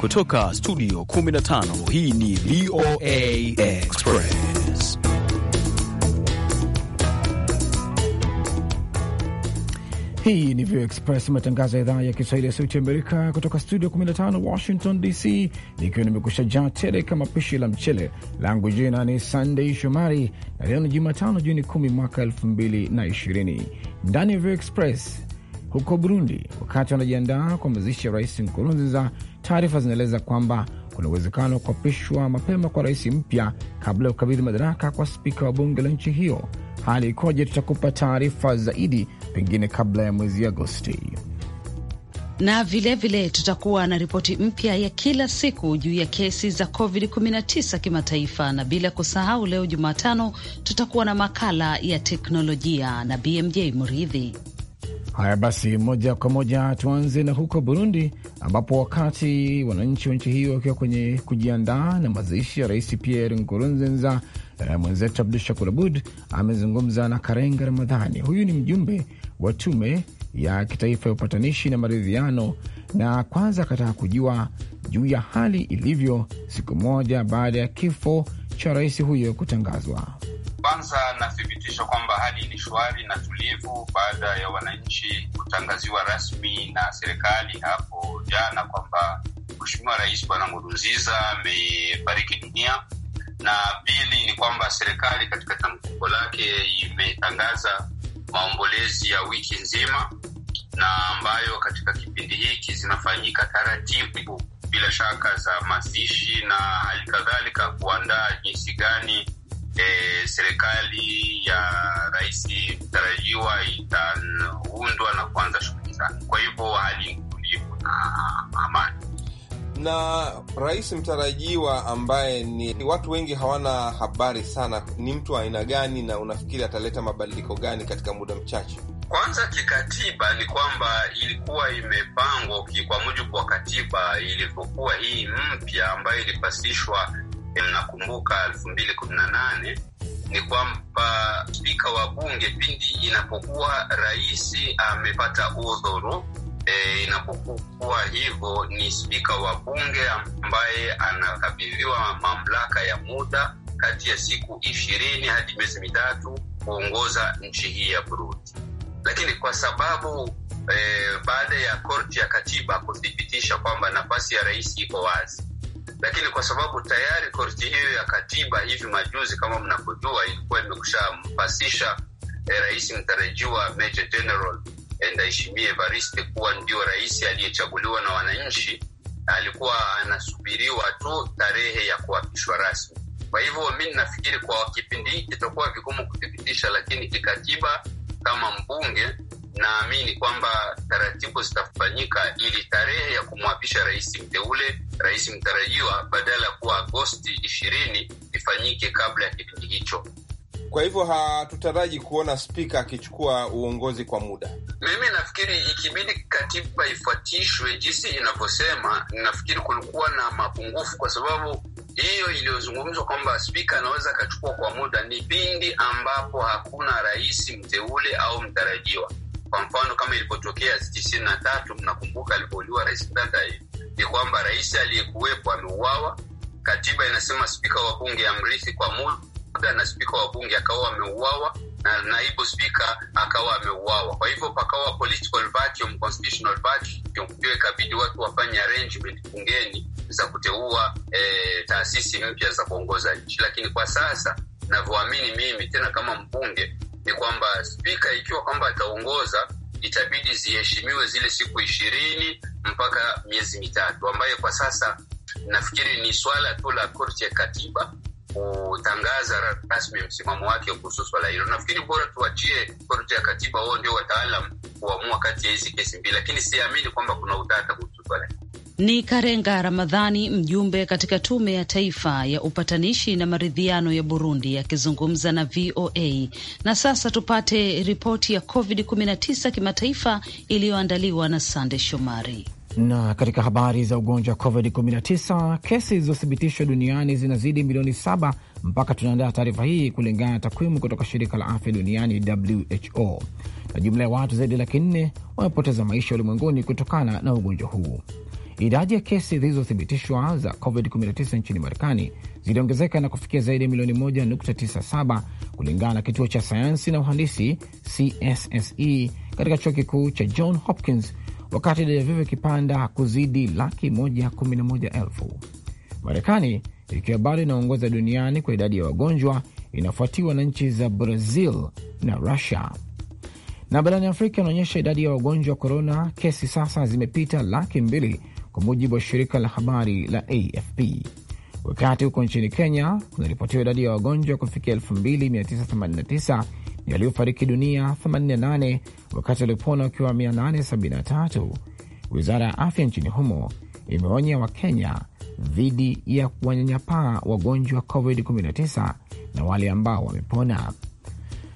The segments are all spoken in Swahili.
Kutoka studio 15 hii ni VOA Express. Hii ni VOA Express, matangazo ya idhaa ya Kiswahili ya Sauti Amerika kutoka studio 15 Washington DC, nikiwa nimekusha jaa tele kama pishi la mchele langu. Jina ni sandey Shomari na leo ni Jumatano Juni 10 mwaka 2020 ndani ya VOA Express huko Burundi wakati wanajiandaa kwa mazishi ya rais Nkurunziza. Taarifa zinaeleza kwamba kuna uwezekano wa kuapishwa mapema kwa rais mpya kabla ya kukabidhi madaraka kwa spika wa bunge la nchi hiyo. Hali ikoje? Tutakupa taarifa zaidi pengine kabla ya mwezi Agosti na vilevile vile tutakuwa na ripoti mpya ya kila siku juu ya kesi za COVID-19 kimataifa, na bila kusahau leo Jumatano tutakuwa na makala ya teknolojia na BMJ Muridhi. Haya basi, moja kwa moja tuanze na huko Burundi, ambapo wakati wananchi wa nchi hiyo wakiwa kwenye kujiandaa na mazishi ya Rais Pierre Nkurunziza, eh, mwenzetu Abdu Shakur Abud amezungumza na Karenga Ramadhani. Huyu ni mjumbe wa tume ya kitaifa ya upatanishi na maridhiano, na kwanza akataka kujua juu ya hali ilivyo siku moja baada ya kifo cha rais huyo kutangazwa. Kwanza nathibitisha kwamba hali ni shwari na tulivu baada ya wananchi kutangaziwa rasmi na serikali hapo jana kwamba Mheshimiwa Rais Bwana Nkurunziza amefariki dunia, na pili ni kwamba serikali katika tamko lake imetangaza maombolezi ya wiki nzima na ambayo katika kipindi hiki zinafanyika taratibu, bila shaka za mazishi na hali kadhalika, kuandaa jinsi gani e, serikali ya rais mtarajiwa itaundwa na kuanza shughuli zake. Kwa hivyo hali utulivu na amani na rais mtarajiwa ambaye ni watu wengi hawana habari sana, ni mtu wa aina gani na unafikiri ataleta mabadiliko gani katika muda mchache? Kwanza kikatiba ni kwamba ilikuwa imepangwa kwa mujibu wa katiba ilivyokuwa hii mpya ambayo ilipasishwa Eh, nakumbuka elfu mbili kumi na nane ni kwamba spika wa bunge pindi inapokuwa rais amepata udhuru E, inapokuwa hivyo ni spika wa bunge ambaye anakabidhiwa mamlaka ya muda kati ya siku ishirini hadi miezi mitatu kuongoza nchi hii ya Burundi. Lakini kwa sababu e, baada ya korti ya katiba kuthibitisha kwamba nafasi ya rais iko wazi, lakini kwa sababu tayari korti hiyo ya katiba hivi majuzi, kama mnavyojua, ilikuwa imekushampasisha eh, rais mtarajiwa Major General Ndayishimiye Evariste kuwa ndio rais aliyechaguliwa na wananchi. Alikuwa anasubiriwa tu tarehe ya kuapishwa rasmi. Kwa hivyo mi nafikiri kwa kipindi hiki itakuwa vigumu kuthibitisha, lakini kikatiba kama mbunge naamini kwamba taratibu zitafanyika ili tarehe ya kumwapisha rais mteule, rais mtarajiwa, badala ya kuwa Agosti ishirini ifanyike kabla ya kipindi hicho. Kwa hivyo hatutaraji kuona spika akichukua uongozi kwa muda. Mimi nafikiri ikibidi katiba ifuatishwe jinsi inavyosema, nafikiri kulikuwa na mapungufu, kwa sababu hiyo iliyozungumzwa kwamba spika anaweza akachukua kwa muda ni pindi ambapo hakuna rais mteule au mtarajiwa. Kwa mfano kama ilipotokea tisini na tatu, mnakumbuka alipouliwa rais Tandai, eh, ni kwamba rais aliyekuwepo ameuawa. Katiba inasema spika wa bunge amrithi kwa muda, na spika wa bunge akawa ameuawa na naibu spika akawa ameuawa. Kwa hivyo pakawa political vacuum, constitutional vacuum, ndio ikabidi watu wafanye arrangement bungeni za kuteua e, taasisi mpya za kuongoza nchi. Lakini kwa sasa navyoamini mimi tena kama mbunge ni kwamba spika ikiwa kwamba ataongoza itabidi ziheshimiwe zile siku ishirini mpaka miezi mitatu, ambayo kwa sasa nafikiri ni swala tu la korti ya katiba kutangaza rasmi msimamo wake kuhusu swala hilo. Nafikiri bora tuachie korti ya katiba, wao ndio wataalam kuamua kati ya hizi kesi mbili, lakini siamini kwamba kuna utata kuhusu swala hilo. Ni Karenga Ramadhani, mjumbe katika tume ya taifa ya upatanishi na maridhiano ya Burundi, akizungumza na VOA. Na sasa tupate ripoti ya COVID-19 kimataifa iliyoandaliwa na Sande Shomari. Na katika habari za ugonjwa wa COVID-19, kesi zilizothibitishwa duniani zinazidi milioni saba mpaka tunaandaa taarifa hii, kulingana na takwimu kutoka shirika la afya duniani WHO, na jumla ya watu zaidi laki nne wamepoteza maisha ulimwenguni kutokana na ugonjwa huu. Idadi ya kesi zilizothibitishwa za COVID-19 nchini Marekani ziliongezeka na kufikia zaidi ya milioni 1.97 kulingana na kituo cha sayansi na uhandisi CSSE katika chuo kikuu cha John Hopkins, wakati idadi ya vivyo ikipanda kuzidi laki 111 Marekani ikiwa bado inaongoza duniani kwa idadi ya wagonjwa, inafuatiwa na nchi za Brazil na Russia na barani Afrika inaonyesha idadi ya wagonjwa wa korona kesi sasa zimepita laki mbili kwa mujibu wa shirika la habari la AFP. Wakati huko nchini Kenya kunaripotiwa idadi ya wagonjwa kufikia 2989 yaliyofariki dunia 88, wakati waliopona wakiwa 873. Wizara ya afya nchini humo imeonya Wakenya dhidi ya kuwanyanyapaa wagonjwa wa COVID-19 na wale ambao wamepona.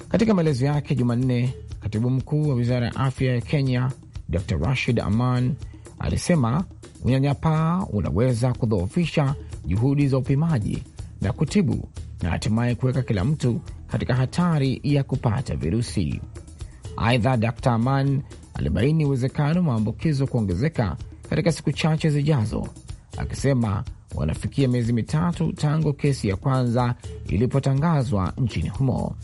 Katika maelezo yake Jumanne, katibu mkuu wa wizara ya afya ya Kenya Dr Rashid Aman alisema unyanyapaa unaweza kudhoofisha juhudi za upimaji na kutibu na hatimaye kuweka kila mtu katika hatari ya kupata virusi. Aidha, Dr Aman alibaini uwezekano wa maambukizo kuongezeka katika siku chache zijazo, akisema wanafikia miezi mitatu tangu kesi ya kwanza ilipotangazwa nchini humo.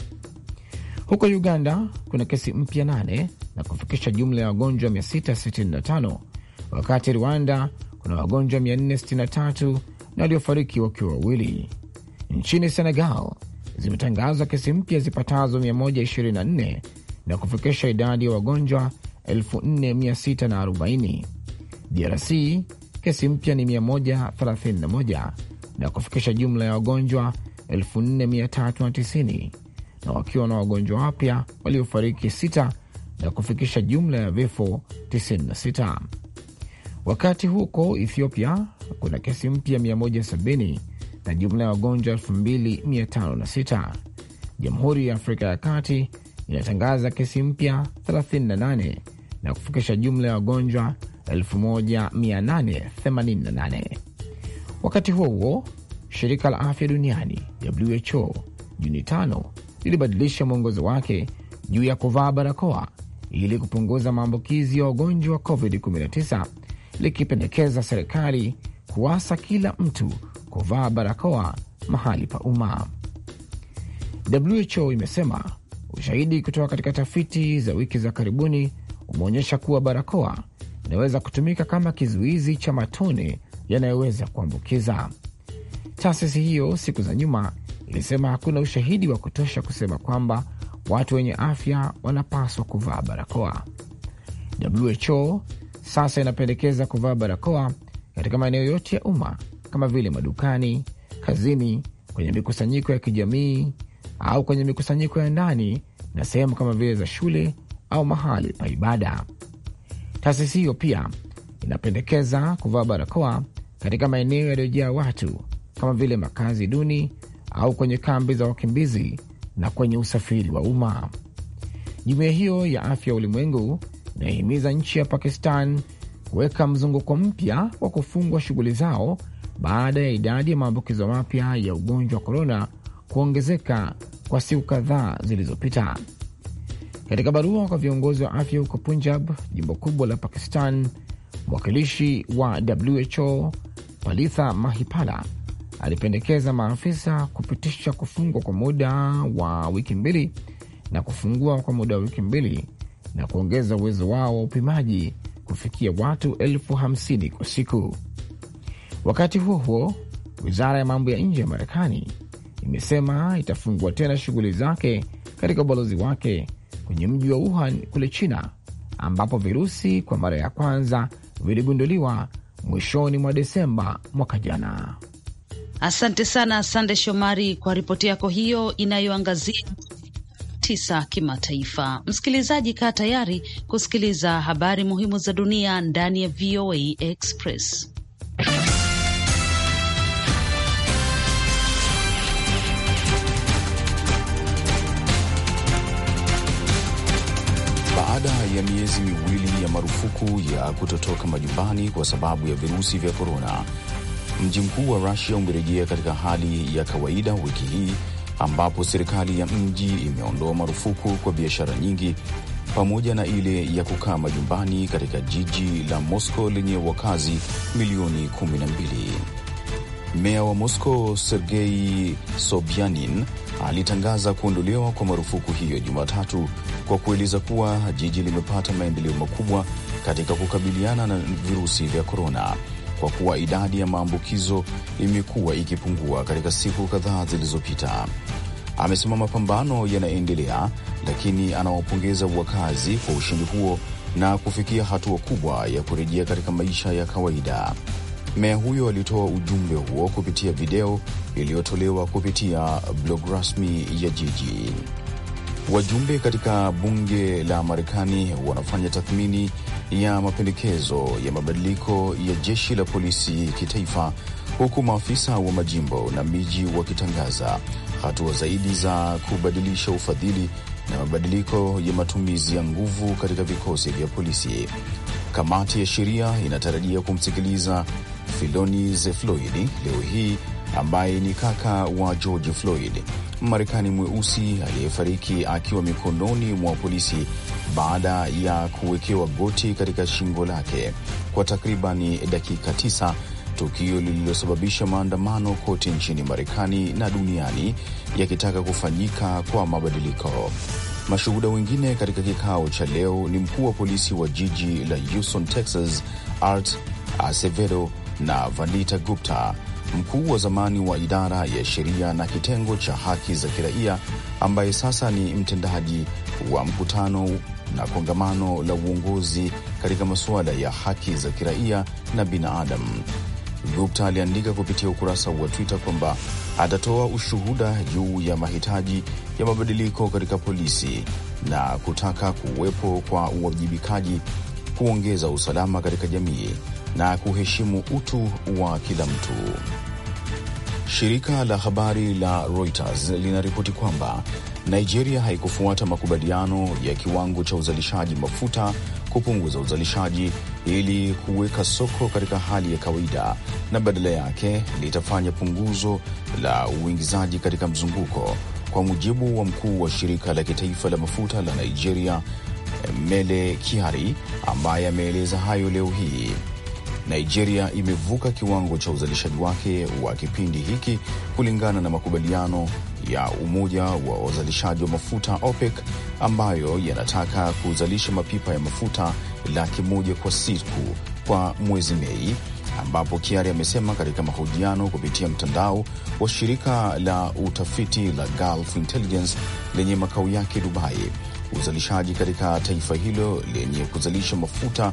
Huko Uganda kuna kesi mpya nane na kufikisha jumla ya wagonjwa 665 wakati Rwanda kuna wagonjwa 463 na waliofariki wakiwa wawili. Nchini Senegal zimetangazwa kesi mpya zipatazo 124 na kufikisha idadi ya wagonjwa 4640. DRC kesi mpya ni 131 na kufikisha jumla ya wagonjwa 4390 na wakiwa na wagonjwa wapya waliofariki 6 na kufikisha jumla ya vifo 96. Wakati huko Ethiopia kuna kesi mpya 170 na jumla ya wagonjwa 2506. Jamhuri ya Afrika ya Kati inatangaza kesi mpya 38 na kufikisha jumla ya wagonjwa 1888. Wakati huo huo, shirika la afya duniani WHO Juni tano lilibadilisha mwongozo wake juu ya kuvaa barakoa ili kupunguza maambukizi ya wagonjwa wa COVID-19 likipendekeza serikali kuwasa kila mtu kuvaa barakoa mahali pa umma. WHO imesema ushahidi kutoka katika tafiti za wiki za karibuni umeonyesha kuwa barakoa inaweza kutumika kama kizuizi cha matone yanayoweza kuambukiza. Taasisi hiyo siku za nyuma ilisema hakuna ushahidi wa kutosha kusema kwamba watu wenye afya wanapaswa kuvaa barakoa. WHO sasa inapendekeza kuvaa barakoa katika maeneo yote ya umma kama vile madukani, kazini, kwenye mikusanyiko ya kijamii au kwenye mikusanyiko ya ndani na sehemu kama vile za shule au mahali pa ibada. Taasisi hiyo pia inapendekeza kuvaa barakoa katika maeneo yaliyojaa watu kama vile makazi duni au kwenye kambi za wakimbizi na kwenye usafiri wa umma. Jumuiya hiyo ya afya ya ulimwengu inahimiza nchi ya Pakistan kuweka mzunguko mpya wa kufungwa shughuli zao baada ya idadi ya maambukizo mapya ya ugonjwa wa korona kuongezeka kwa siku kadhaa zilizopita. Katika barua kwa viongozi wa afya huko Punjab, jimbo kubwa la Pakistan, mwakilishi wa WHO Palitha Mahipala alipendekeza maafisa kupitisha kufungwa kwa muda wa wiki mbili na kufungua kwa muda wa wiki mbili na kuongeza uwezo wao wa upimaji kufikia watu elfu hamsini kwa siku. Wakati huo huo, wizara ya mambo ya nje ya Marekani imesema itafungua tena shughuli zake katika ubalozi wake kwenye mji wa Wuhan kule China, ambapo virusi kwa mara ya kwanza viligunduliwa mwishoni mwa Desemba mwaka jana. Asante sana, Sande Shomari, kwa ripoti yako hiyo inayoangazia tisa kimataifa. Msikilizaji, kaa tayari kusikiliza habari muhimu za dunia ndani ya VOA Express. Baada ya miezi miwili ya marufuku ya kutotoka majumbani kwa sababu ya virusi vya korona, mji mkuu wa Rusia umerejea katika hali ya kawaida wiki hii ambapo serikali ya mji imeondoa marufuku kwa biashara nyingi pamoja na ile ya kukaa majumbani katika jiji la Moscow lenye wakazi milioni 12. Meya wa Moscow Sergei Sobyanin alitangaza kuondolewa kwa marufuku hiyo Jumatatu kwa kueleza kuwa jiji limepata maendeleo makubwa katika kukabiliana na virusi vya korona kwa kuwa idadi ya maambukizo imekuwa ikipungua katika siku kadhaa zilizopita. Amesema mapambano yanaendelea, lakini anawapongeza wakazi kwa ushindi huo na kufikia hatua kubwa ya kurejea katika maisha ya kawaida. Meya huyo alitoa ujumbe huo kupitia video iliyotolewa kupitia blog rasmi ya jiji. Wajumbe katika bunge la Marekani wanafanya tathmini ya mapendekezo ya mabadiliko ya jeshi la polisi kitaifa, huku maafisa wa majimbo na miji wakitangaza hatua zaidi za kubadilisha ufadhili na mabadiliko ya matumizi ya nguvu katika vikosi vya polisi. Kamati ya sheria inatarajia kumsikiliza Filoni Floyd leo hii ambaye ni kaka wa George Floyd, marekani mweusi aliyefariki akiwa mikononi mwa polisi baada ya kuwekewa goti katika shingo lake kwa takribani dakika tisa, tukio lililosababisha maandamano kote nchini Marekani na duniani yakitaka kufanyika kwa mabadiliko. Mashuhuda wengine katika kikao cha leo ni mkuu wa polisi wa jiji la Houston, Texas, Art Acevedo na Vanita Gupta, mkuu wa zamani wa idara ya sheria na kitengo cha haki za kiraia ambaye sasa ni mtendaji wa mkutano na kongamano la uongozi katika masuala ya haki za kiraia na binadamu. Gupta aliandika kupitia ukurasa wa Twitter kwamba atatoa ushuhuda juu ya mahitaji ya mabadiliko katika polisi na kutaka kuwepo kwa uwajibikaji, kuongeza usalama katika jamii na kuheshimu utu wa kila mtu. Shirika la habari la Reuters linaripoti kwamba Nigeria haikufuata makubaliano ya kiwango cha uzalishaji mafuta kupunguza uzalishaji ili kuweka soko katika hali ya kawaida, na badala yake litafanya punguzo la uingizaji katika mzunguko, kwa mujibu wa mkuu wa shirika la kitaifa la mafuta la Nigeria Mele Kiari ambaye ameeleza hayo leo hii. Nigeria imevuka kiwango cha uzalishaji wake wa kipindi hiki kulingana na makubaliano ya Umoja wa Wazalishaji wa Mafuta OPEC ambayo yanataka kuzalisha mapipa ya mafuta laki moja kwa siku kwa mwezi Mei, ambapo Kiari amesema katika mahojiano kupitia mtandao wa shirika la utafiti la Gulf Intelligence lenye makao yake Dubai, uzalishaji katika taifa hilo lenye kuzalisha mafuta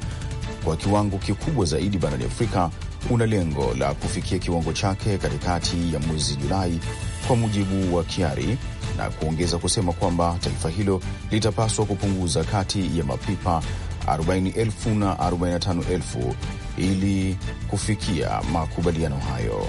kwa kiwango kikubwa zaidi barani Afrika una lengo la kufikia kiwango chake katikati ya mwezi Julai kwa mujibu wa Kiari, na kuongeza kusema kwamba taifa hilo litapaswa kupunguza kati ya mapipa 40,000 na 45,000 ili kufikia makubaliano hayo.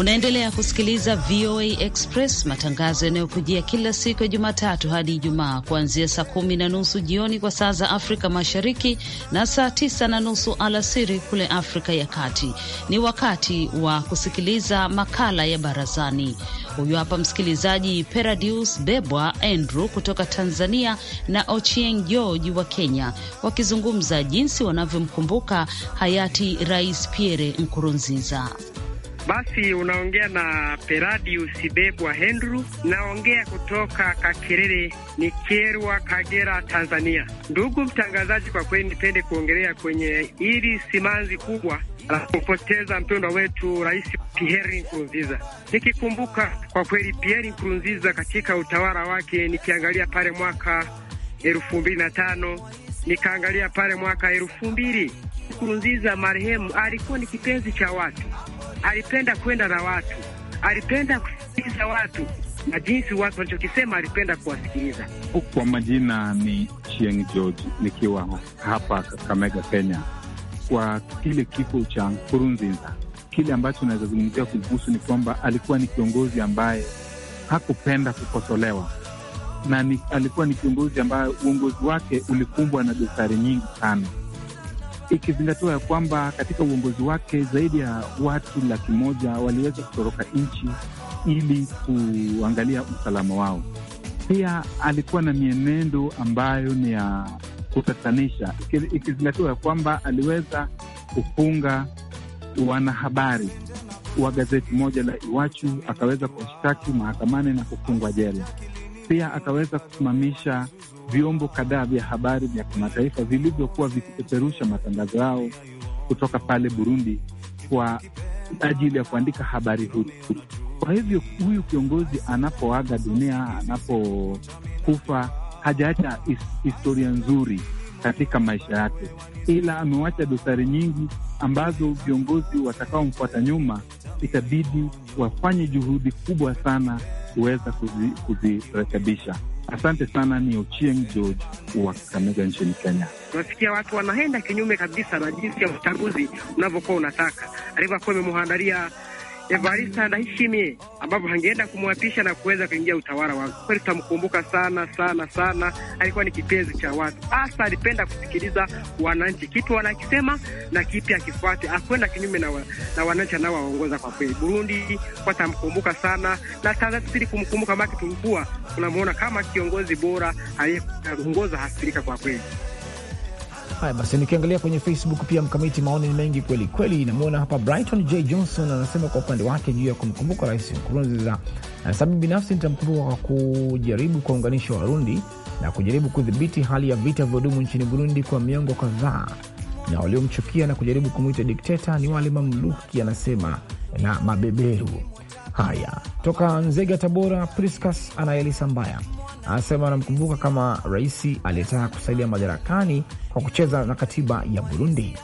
Unaendelea kusikiliza VOA Express, matangazo yanayokujia kila siku ya Jumatatu hadi Ijumaa kuanzia saa kumi na nusu jioni kwa saa za Afrika Mashariki na saa tisa na nusu alasiri kule Afrika ya Kati. Ni wakati wa kusikiliza makala ya Barazani. Huyu hapa msikilizaji Peradius Bebwa Andrew kutoka Tanzania na Ochieng George wa Kenya wakizungumza jinsi wanavyomkumbuka hayati Rais Pierre Nkurunziza. Basi unaongea na Peradius usibebwa Henru, naongea kutoka Kakerere ni Kerwa, Kagera, Tanzania. Ndugu mtangazaji, kwa kweli nipende kuongelea kwenye hili simanzi kubwa la kupoteza mpendwa wetu Rais Pierre Nkurunziza. Nikikumbuka kwa kweli Pierre Nkurunziza katika utawala wake, nikiangalia pale mwaka elfu mbili na tano nikaangalia pale mwaka elfu mbili Nkurunziza marehemu alikuwa ni kipenzi cha watu alipenda kwenda na watu, alipenda kusikiliza watu na jinsi watu walichokisema alipenda kuwasikiliza. Kwa majina ni Chieng George, nikiwa hapa Kakamega, Kenya. Kwa kile kifo cha Nkurunziza, kile ambacho naweza zungumzia kuhusu ni kwamba alikuwa ni kiongozi ambaye hakupenda kukosolewa na ni, alikuwa ni kiongozi ambaye uongozi wake ulikumbwa na dosari nyingi sana ikizingatiwa ya kwamba katika uongozi wake zaidi ya watu laki moja waliweza kutoroka nchi ili kuangalia usalama wao. Pia alikuwa na mienendo ambayo ni ya kutatanisha, ikizingatiwa ya kwamba aliweza kufunga wanahabari wa gazeti moja la Iwachu, akaweza kushtaki mahakamani na kufungwa jela. Pia akaweza kusimamisha vyombo kadhaa vya habari vya kimataifa vilivyokuwa vikipeperusha matangazo yao kutoka pale Burundi kwa ajili ya kuandika habari huru. Kwa hivyo huyu kiongozi anapoaga dunia, anapokufa, hajaacha historia nzuri katika maisha yake, ila amewacha dosari nyingi ambazo viongozi watakaomfuata nyuma itabidi wafanye juhudi kubwa sana kuweza kuzirekebisha. Asante sana, ni Ochieng George wa Kakamega nchini Kenya. Unasikia watu wanaenda kinyume kabisa na jinsi ya uchaguzi unavyokuwa unataka. Alivyokuwa imemuhandaria Evarista Ndayishimiye ambapo hangeenda kumwapisha na kuweza kuingia utawala wangu. Kweli tutamkumbuka sana sana sana, alikuwa ni kipenzi cha watu, hasa alipenda kusikiliza wananchi, kitu wanakisema na kipi akifuate, akwenda kinyume na, wa, na wananchi anaowaongoza. Kwa kweli Burundi watamkumbuka sana na Tanzania tuzidi kumkumbuka, maki tulikuwa tunamwona kama kiongozi bora aliyeongoza hasirika kwa kweli. Haya basi, nikiangalia kwenye Facebook pia mkamiti, maoni ni mengi kweli kweli. Namwona hapa Brighton J Johnson anasema kwa upande wake juu ya kumkumbuka Rais Nkurunziza, anasema binafsi nitamkumbuka kwa kujaribu kuwaunganisha Warundi na kujaribu kudhibiti hali ya vita vyodumu nchini Burundi kwa miongo kadhaa, na waliomchukia na kujaribu kumwita dikteta ni wale mamluki, anasema na mabeberu. Haya, toka Nzega, Tabora, Priscas anayelisa Mbaya anasema anamkumbuka kama rais aliyetaka kusalia madarakani kwa kucheza na katiba ya Burundi.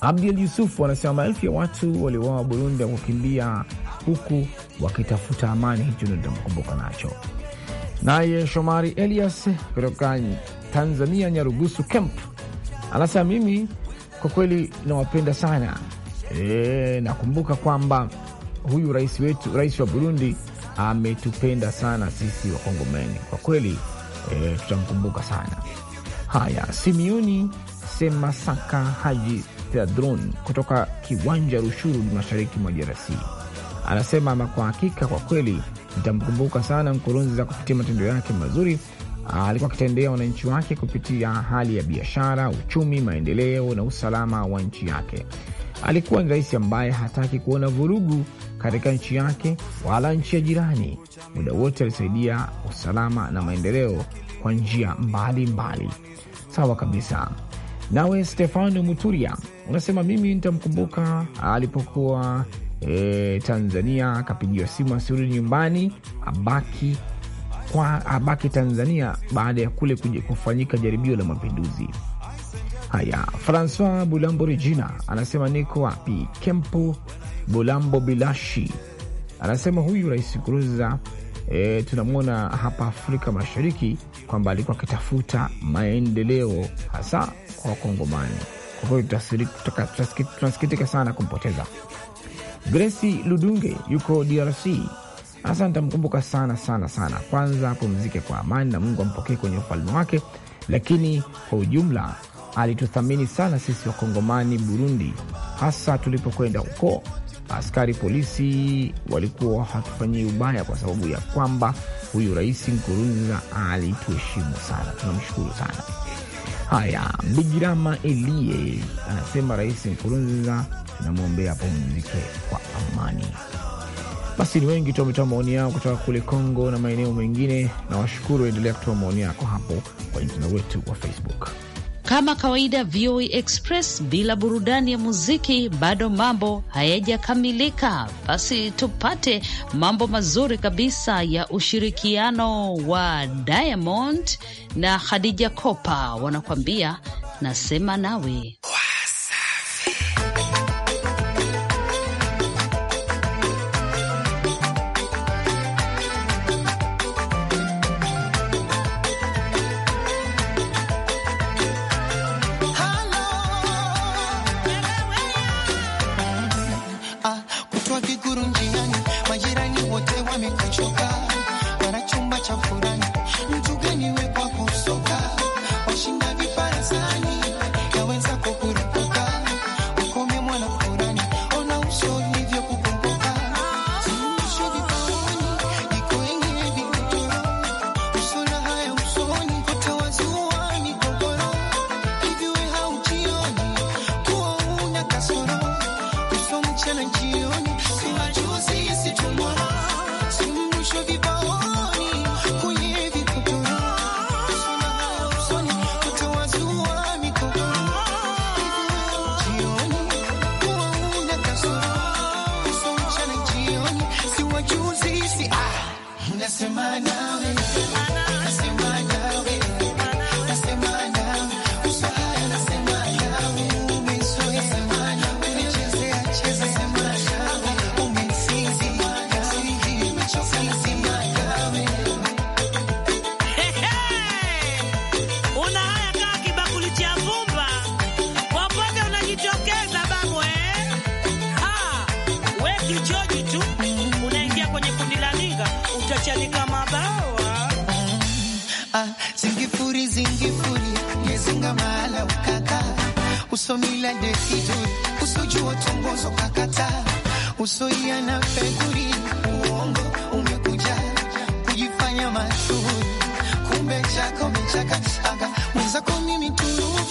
Abdul Yusufu anasema maelfu ya watu waliowawa Burundi wakukimbia huku wakitafuta amani, hicho ndio nitamkumbuka nacho. Naye Shomari Elias kutoka Tanzania, Nyarugusu Camp, anasema mimi kwa kweli nawapenda sana e, nakumbuka kwamba huyu rais wetu, rais wa Burundi ametupenda sana sisi Wakongomani kwa kweli, e, tutamkumbuka sana. Haya, Simiuni Semasaka Haji Theadron kutoka Kiwanja Rushuru, mashariki mwa DRC anasema ama kwa hakika, kwa kweli nitamkumbuka sana za kupitia matendo yake mazuri alikuwa akitendea wananchi wake kupitia hali ya biashara, uchumi, maendeleo na usalama wa nchi yake. Alikuwa ni rais ambaye hataki kuona vurugu katika nchi yake wala nchi ya jirani. Muda wote alisaidia usalama na maendeleo kwa njia mbalimbali. Sawa kabisa. Nawe Stefano Muturia unasema mimi nitamkumbuka alipokuwa e, Tanzania, akapigiwa simu asirudi nyumbani, abaki kwa abaki Tanzania baada ya kule kufanyika jaribio la mapinduzi. Haya, Francois Bulambo Regina anasema niko wapi? Kempo, Bulambo Bilashi anasema huyu Rais kuruza e, tunamwona hapa Afrika Mashariki kwamba alikuwa akitafuta maendeleo hasa kwa Wakongomani. Kwa kweli tunasikitika sana kumpoteza. Gresi Ludunge yuko DRC hasa nitamkumbuka sana sana sana. Kwanza apumzike kwa amani na Mungu ampokee kwenye ufalme wake, lakini kwa ujumla alituthamini sana sisi Wakongomani Burundi, hasa tulipokwenda huko askari polisi walikuwa hatufanyii ubaya kwa sababu ya kwamba huyu rais Nkurunziza alituheshimu sana, tunamshukuru sana. Haya, Bigirama Elie anasema rais Nkurunziza tunamwombea apumzike kwa amani. Basi ni wengi tu wametoa maoni yao kutoka kule Kongo na maeneo mengine, na washukuru, waendelea kutoa maoni yako hapo kwenye mtandao wetu wa Facebook. Kama kawaida, VOA e Express bila burudani ya muziki bado mambo hayajakamilika. Basi tupate mambo mazuri kabisa ya ushirikiano wa Diamond na Khadija Kopa, wanakuambia nasema nawe. kichoji tu mm. Unaingia kwenye kundi la liga utachanika mabawa mm. Ah, zingifuri zingifuri nyezinga mahala ukaka usomila desiduri usojua tongozo kakata usoia na fekuri uongo umekuja kujifanya mashuhuri kumbe chako mechaka aga mwenzako nini tulu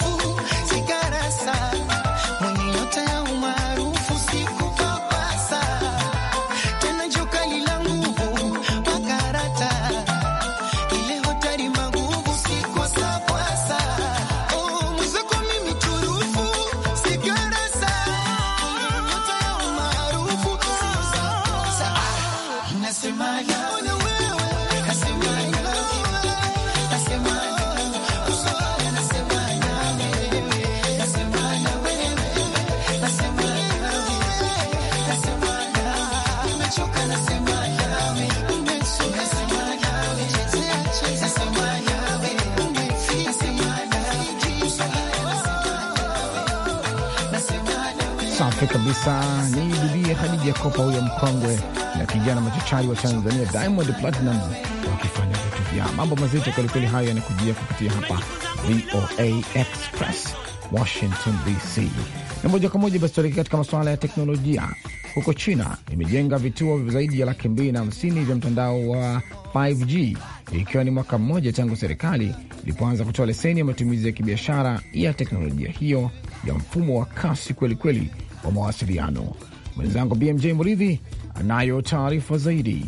kabisa ni bibie Hadija Kopa, huyo mkongwe na kijana machachari wa Tanzania Diamond Platinum wakifanya vitu vya mambo mazito kwelikweli. Hayo yanakujia kupitia hapa VOA Express Washington DC, na moja kwa moja basi tuelekea katika masuala ya teknolojia. Huko China imejenga vituo zaidi ya laki mbili na hamsini vya mtandao wa 5G ikiwa ni mwaka mmoja tangu serikali ilipoanza kutoa leseni ya matumizi ya kibiashara ya teknolojia hiyo ya mfumo wa kasi kwelikweli kweli wa mawasiliano. Mwenzangu BMJ Muridhi anayo taarifa zaidi.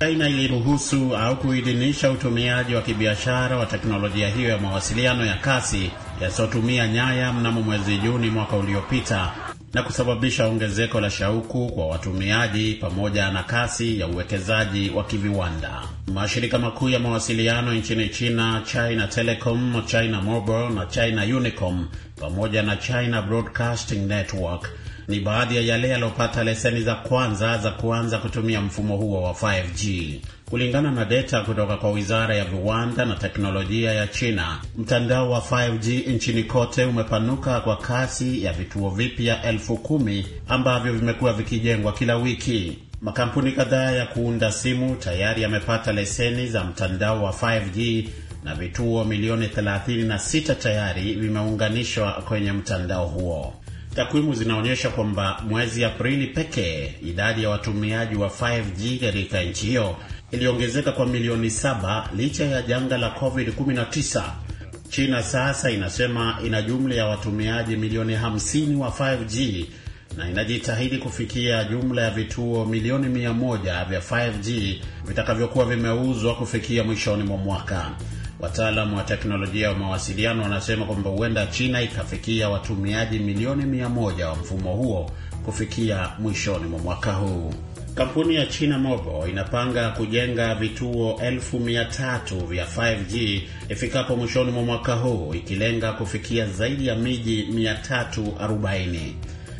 China iliruhusu au kuidhinisha utumiaji wa kibiashara wa teknolojia hiyo ya mawasiliano ya kasi yasiyotumia nyaya mnamo mwezi Juni mwaka uliopita na kusababisha ongezeko la shauku kwa watumiaji pamoja na kasi ya uwekezaji wa kiviwanda. Mashirika makuu ya mawasiliano nchini China, China Telecom, China Mobile na China Unicom pamoja na China Broadcasting Network ni baadhi ya yale yaliyopata leseni za kwanza za kuanza kutumia mfumo huo wa 5G. Kulingana na data kutoka kwa wizara ya viwanda na teknolojia ya China, mtandao wa 5G nchini kote umepanuka kwa kasi ya vituo vipya elfu kumi ambavyo vimekuwa vikijengwa kila wiki. Makampuni kadhaa ya kuunda simu tayari yamepata leseni za mtandao wa 5G na vituo milioni 36 tayari vimeunganishwa kwenye mtandao huo. Takwimu zinaonyesha kwamba mwezi Aprili pekee idadi ya watumiaji wa 5G katika nchi hiyo iliongezeka kwa milioni saba licha ya janga la COVID-19. China sasa inasema ina jumla ya watumiaji milioni 50 wa 5G na inajitahidi kufikia jumla ya vituo milioni 100 vya 5G vitakavyokuwa vimeuzwa kufikia mwishoni mwa mwaka. Wataalamu wa teknolojia wa mawasiliano wanasema kwamba huenda China ikafikia watumiaji milioni mia moja wa mfumo huo kufikia mwishoni mwa mwaka huu. Kampuni ya China Mobile inapanga kujenga vituo elfu mia tatu vya 5G ifikapo mwishoni mwa mwaka huu ikilenga kufikia zaidi ya miji 340.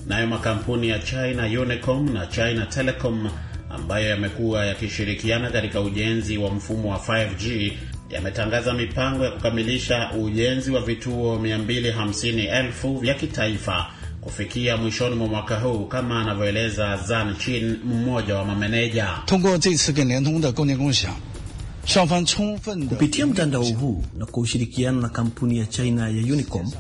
Nayo makampuni ya China Unicom na China Telecom ambayo yamekuwa yakishirikiana katika ujenzi wa mfumo wa 5G yametangaza mipango ya kukamilisha ujenzi wa vituo 250,000 vya kitaifa kufikia mwishoni mwa mwaka huu kama anavyoeleza Zan Chin, mmoja wa mameneja. Kupitia mtandao huu na kwa ushirikiano na kampuni ya China ya Unicom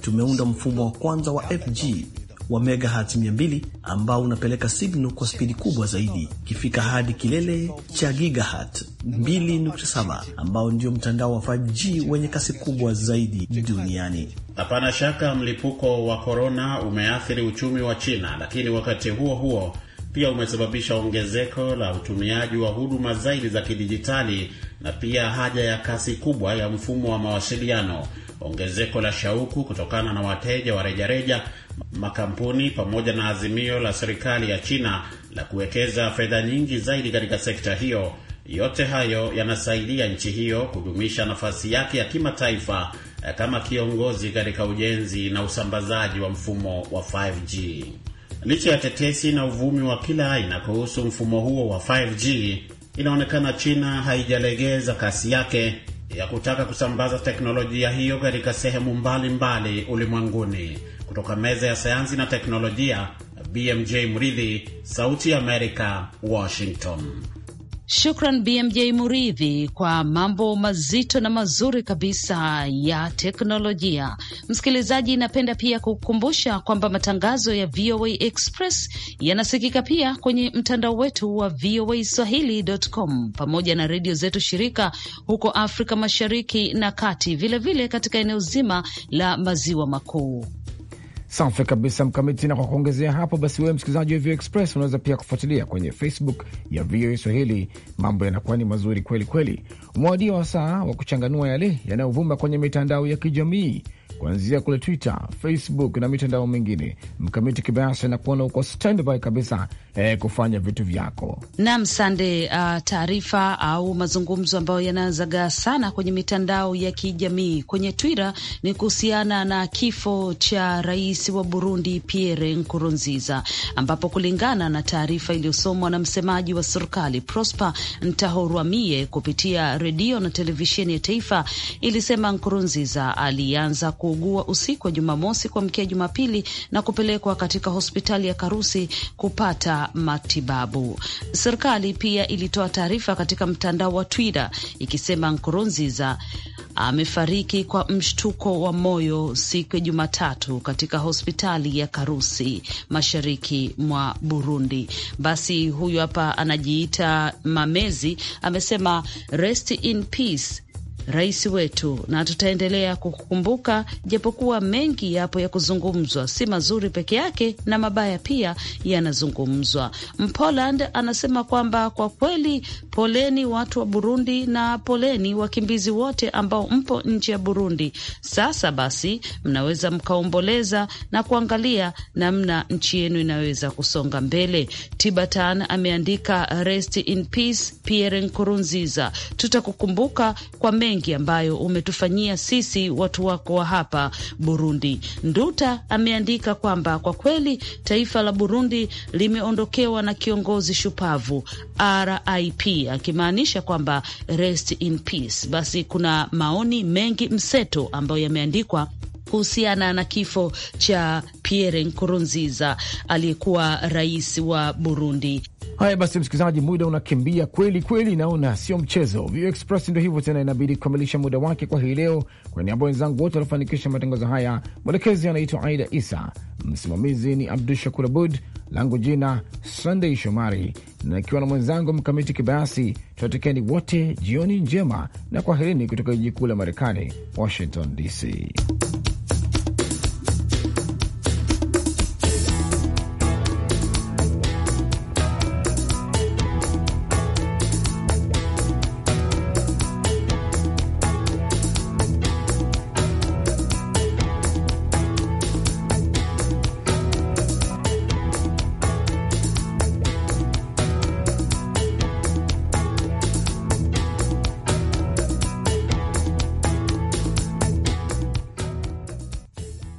tumeunda mfumo wa kwanza wa FG wa megahertz 200 ambao unapeleka signal kwa spidi kubwa zaidi ikifika hadi kilele cha gigahertz 2.7 ambao ndio mtandao wa 5G wenye kasi kubwa zaidi duniani. Hapana shaka mlipuko wa korona umeathiri uchumi wa China, lakini wakati huo huo pia umesababisha ongezeko la utumiaji wa huduma zaidi za kidijitali na pia haja ya kasi kubwa ya mfumo wa mawasiliano, ongezeko la shauku kutokana na wateja wa rejareja makampuni pamoja na azimio la serikali ya China la kuwekeza fedha nyingi zaidi katika sekta hiyo. Yote hayo yanasaidia nchi hiyo kudumisha nafasi yake ya kimataifa eh, kama kiongozi katika ujenzi na usambazaji wa mfumo wa 5G. Licha ya tetesi na uvumi wa kila aina kuhusu mfumo huo wa 5G, inaonekana China haijalegeza kasi yake ya kutaka kusambaza teknolojia hiyo katika sehemu mbalimbali ulimwenguni. Kutoka meza ya sayansi na teknolojia, BMJ Mridhi, Sauti ya Amerika, Washington. Shukran BMJ Muridhi kwa mambo mazito na mazuri kabisa ya teknolojia. Msikilizaji, napenda pia kukumbusha kwamba matangazo ya VOA Express yanasikika pia kwenye mtandao wetu wa VOA Swahili.com pamoja na redio zetu shirika huko Afrika Mashariki na Kati, vilevile vile katika eneo zima la Maziwa Makuu. Safi kabisa Mkamiti. Na kwa kuongezea hapo, basi wewe msikilizaji wa VOA Express unaweza pia kufuatilia kwenye Facebook ya VOA Swahili. Mambo yanakuwa ni mazuri kweli kweli. Umewadia wasaa wa kuchanganua yale yanayovuma kwenye mitandao ya kijamii kuanzia kule Twitter, Facebook na mitandao mingine. Mkamiti Kibayasi anakuona uko standby kabisa eh, kufanya vitu vyako. Naam Sande. Uh, taarifa au mazungumzo ambayo yanaanzaga sana kwenye mitandao ya kijamii kwenye Twitter ni kuhusiana na kifo cha rais wa Burundi Pierre Nkurunziza, ambapo kulingana na taarifa iliyosomwa na msemaji wa serikali Prosper Ntahorwamiye kupitia redio na televisheni ya taifa ilisema Nkurunziza alianza ku kuugua usiku wa Jumamosi kuamkia Jumapili na kupelekwa katika hospitali ya Karusi kupata matibabu. Serikali pia ilitoa taarifa katika mtandao wa Twitter ikisema Nkurunziza amefariki kwa mshtuko wa moyo siku ya Jumatatu katika hospitali ya Karusi mashariki mwa Burundi. Basi huyu hapa anajiita Mamezi amesema rest in peace rais wetu, na tutaendelea kukumbuka, japokuwa mengi yapo ya kuzungumzwa, si mazuri peke yake, na mabaya pia yanazungumzwa. Mpoland anasema kwamba kwa kweli, poleni watu wa Burundi na poleni wakimbizi wote ambao mpo nje ya Burundi. Sasa basi, mnaweza mkaomboleza na kuangalia namna nchi yenu inaweza kusonga mbele. Tibatan ameandika rest in peace Pierre Nkurunziza, tutakukumbuka kwa mengi mengi ambayo umetufanyia sisi watu wako wa hapa Burundi. Nduta ameandika kwamba kwa kweli taifa la Burundi limeondokewa na kiongozi shupavu RIP, akimaanisha kwamba rest in peace. Basi kuna maoni mengi mseto ambayo yameandikwa kuhusiana na kifo cha Pierre Nkurunziza aliyekuwa rais wa Burundi. Haya basi, msikilizaji, muda unakimbia kweli kweli, naona sio mchezo. Vio Express ndio hivyo tena, inabidi kukamilisha muda wake kwa hii leo. Kwa niaba wenzangu wote waliofanikisha matangazo haya, mwelekezi anaitwa Aida Isa, msimamizi ni Abdu Shakur Abud, langu jina sandey Shomari, na ikiwa na mwenzangu Mkamiti Kibayasi, tunatekeni wote jioni njema na kwaherini kutoka jiji kuu la Marekani, Washington DC.